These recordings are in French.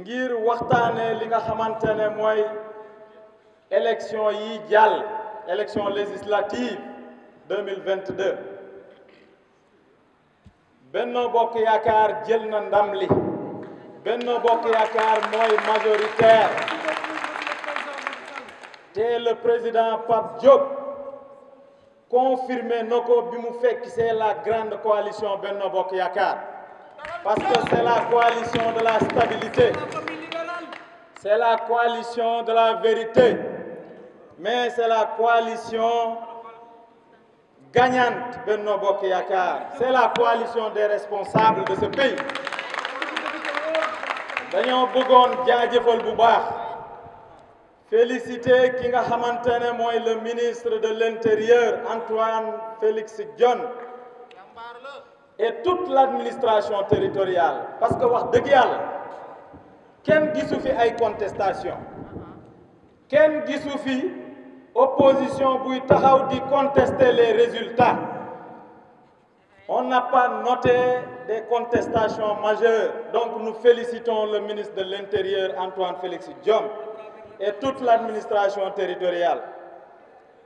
ngir waxtane li nga élection yi élection législative 2022 Benno Bokk Yakar, jël na ndam Benno majoritaire Et le président Pape Diop confirmé que c'est la grande coalition Benno Bokk parce que c'est la coalition de la stabilité. C'est la coalition de la vérité. Mais c'est la coalition gagnante Benno Bokk C'est la coalition des responsables de ce pays. féliciter ki moi le ministre de l'intérieur Antoine Félix John et toute l'administration territoriale parce que wax dëgg yàlla ken gisu fi ay contestation ken gisu opposition buy contester les résultats on n'a pas noté des contestations majeures donc nous félicitons le ministre de l'Intérieur Antoine Félix Diom, et toute l'administration territoriale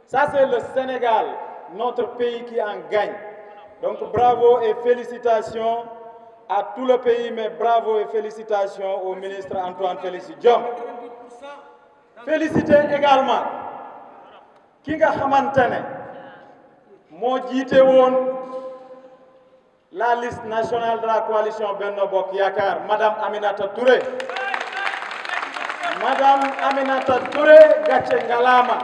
ça c'est le Sénégal notre pays qui en gagne donc bravo et félicitations à tout le pays, mais bravo et félicitations au ministre Antoine Félix Félicitez également Kinga la liste nationale de la coalition Benno Bokk madame Aminata Touré madame Aminata Touré Gatchengalama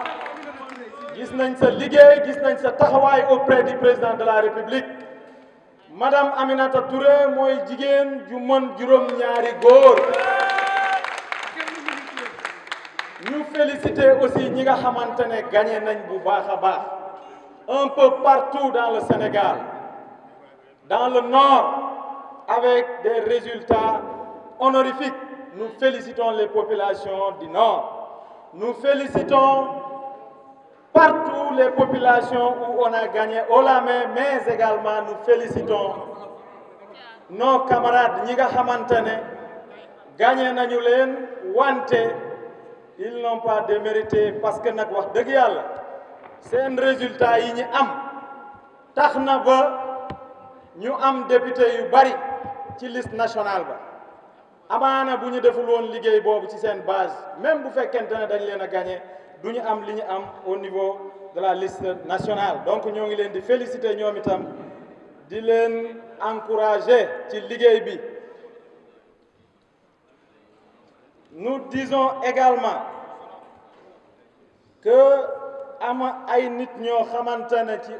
gis sa auprès du président de la république madame Aminata Touré moy du Monde mën juróom-ñaari goor Nous féliciter aussi ñi nga xamantene gagné nañ bu un peu partout dans le Sénégal dans le nord avec des résultats honorifiques nous félicitons les populations du nord nous félicitons les populations où on a gagné haut la main mais également nous félicitons nos camarades ñi nga gagné nañu wante ils n'ont pas démérité parce que c'est wax C'est résultat yi ñi am Nous avons ba ñu am député yu bari ci liste nationale ba amaana bu deful woon liggéey c'est ci base même si fekkente a gagné nous au niveau de la liste nationale donc nous ngi leen féliciter di encourager ci nous disons également que ama ay nit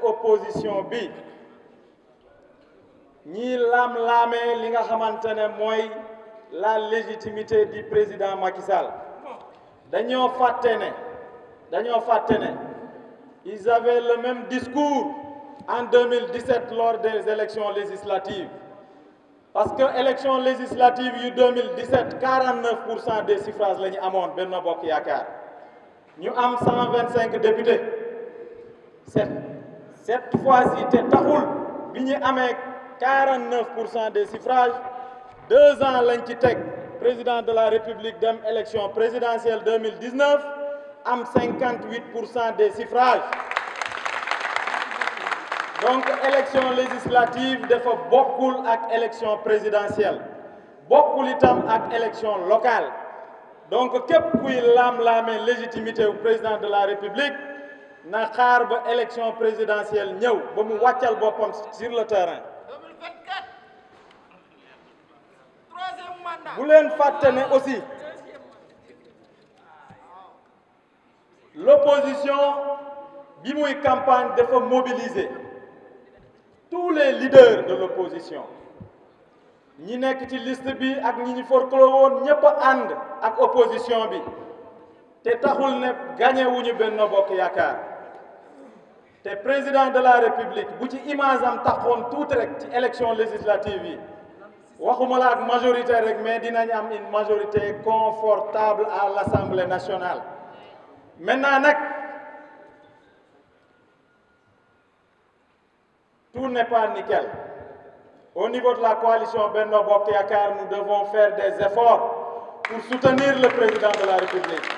opposition bi ñi lam lamé li nga la légitimité du président Macky Nous avons ils avaient le même discours en 2017 lors des élections législatives parce que élections législatives 2017 49 des suffrages la ñu 125 députés cette fois-ci taxul 49 des suffrages deux ans l'Inquitec, président de la république dans élection présidentielle 2019 am 58 des suffrages donc élection législative des fois beaucoup élection présidentielle de itam avec élections locale donc que kuy laam la légitimité au président de la république na xaar élection présidentielle ñew ba sur le terrain voulez une faire tenir aussi l'opposition la et campagne dafa mobiliser tous les leaders de l'opposition ñi nekk ci liste bi ak ñi ñu forclos ak opposition bi te ne gagné wuñu Benno président de la république bu ci image am les élections rek ci élection législative waxuma la majorité mais dinañ am une majorité confortable à l'Assemblée nationale maintenant tout n'est pas nickel au niveau de la coalition Benno nous devons faire des efforts pour soutenir le président de la République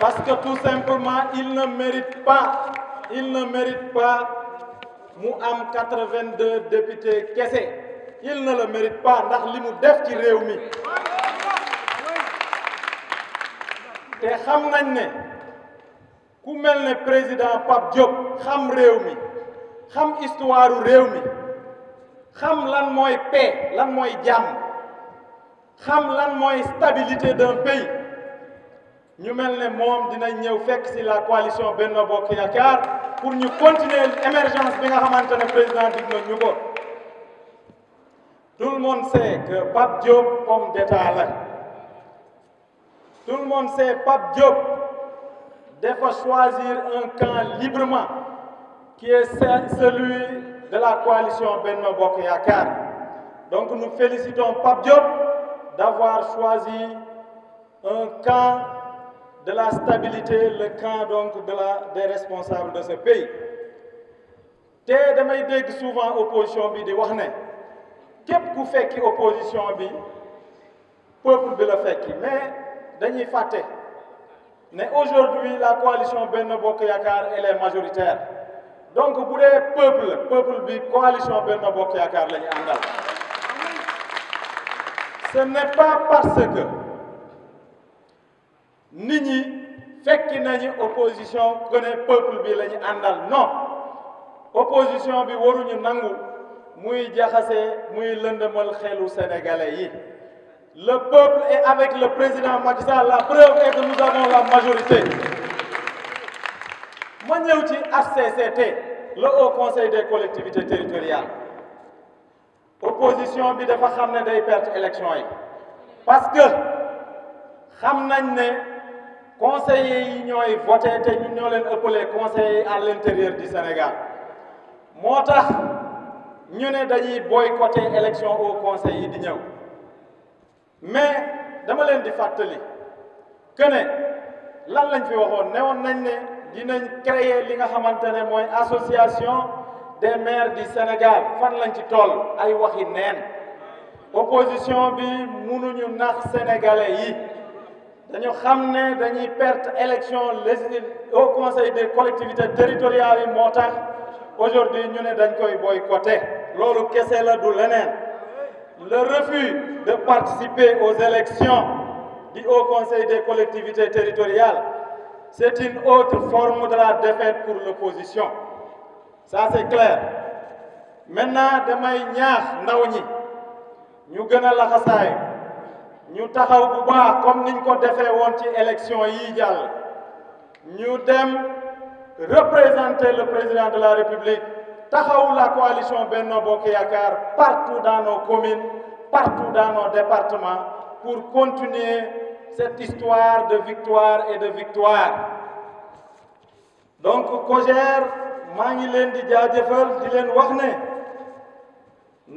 parce que tout simplement il ne mérite pas il ne mérite pas Mouham 82 députés Kessé. il ne le mérite pas ndax pas def té xam nañ né ku melné président Pape Diop xam réew mi xam histoire réew mi xam lan moy paix lan moy jam, xam lan moy stabilité d'un pays ñu melné mom dina ñëw fekk ci la coalition Benno Bokk Yaakaar pour ñu continuer l'émergence bi nga xamante président dig na ñu tout le monde sait que Pape Diop homme d'État la tout le monde sait, Pape Diop, fois choisir un camp librement, qui est celui de la coalition Benno Yakar. Donc nous félicitons Pape Diop d'avoir choisi un camp de la stabilité, le camp donc des responsables de ce pays. Je damay qui souvent opposition bi di Qu'est-ce qui fait fekki opposition bi peuple fait. la fekki mais dañuy faté Mais aujourd'hui la coalition Benno Bokk yakar elle est majoritaire donc pour peuple peuple bi coalition Benno Bokk yakar lañu Andal. ce n'est pas parce que nit ñi nañu opposition que peuple bi lañu andal non opposition bi waruñu nangu muy jaxase muy lëndëmal xelu sénégalais yi le peuple est avec le président Macky la preuve est que nous avons la majorité. Je suis ci HCCT le Haut Conseil des collectivités territoriales L'opposition bi dafa pas pertes day perte parce que xam que conseillers votent voté te conseillers à l'intérieur du Sénégal Nous avons boycotté l'élection élection au conseil d'union. di mais dama len di fàttali que ne lan lañ fi waxone ne woon nañ ne dinañ créer li nga xamante moy association des maires du Sénégal fan lañ ci toll ay waxi neen opposition bi mënuñu nax sénégalais yi dañu xamné ne dañuy perte élection au conseil des collectivités territoriales motax aujourd'hui ñu ne dañ koy boycotter lolu kese la du lenen le refus de participer aux élections du Haut Conseil des collectivités territoriales, c'est une autre forme de la défaite pour l'opposition. Ça, c'est clair. Maintenant, demain, ñaax ndaw ñi ñu Nous ñu taxaw bu comme nous avons fait l'élection ci élection représenter le président de la République taxawu la coalition Benno Bokk yakar partout dans nos communes partout dans nos départements pour continuer cette histoire de victoire et de victoire donc Koger, maa ngi leen di jaajëfal di len wax ne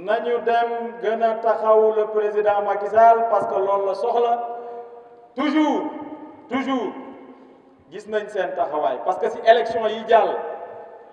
nañu dem gëna taxawu le président Macky Sall parce que lool la soxla toujours toujours gis nañ sen taxaway parce que si élection yi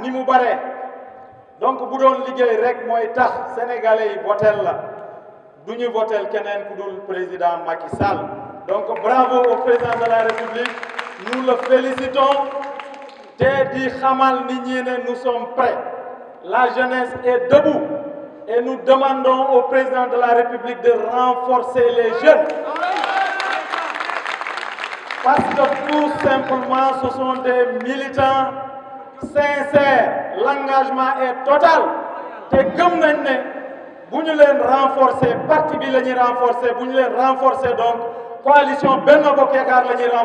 ni mu donc bu doon liggéey rek mooy sénégalais yi votel la duñu président Macky Sall donc bravo au président de la République nous le félicitons te di xamal nit nous sommes prêts la jeunesse est debout et nous demandons au président de la République de renforcer les jeunes parce que tout simplement ce sont des militants sincère l'engagement est total Que comme nañ ne renforcer parti bi vous renforcer donc coalition Benno Bokk la nous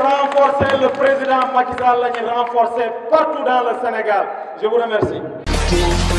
renforcer renforcé, le président Macky Sall la partout dans le Sénégal je vous remercie.